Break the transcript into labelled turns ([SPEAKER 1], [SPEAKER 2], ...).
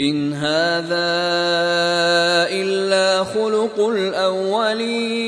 [SPEAKER 1] إن هذا إلا خلق الأولين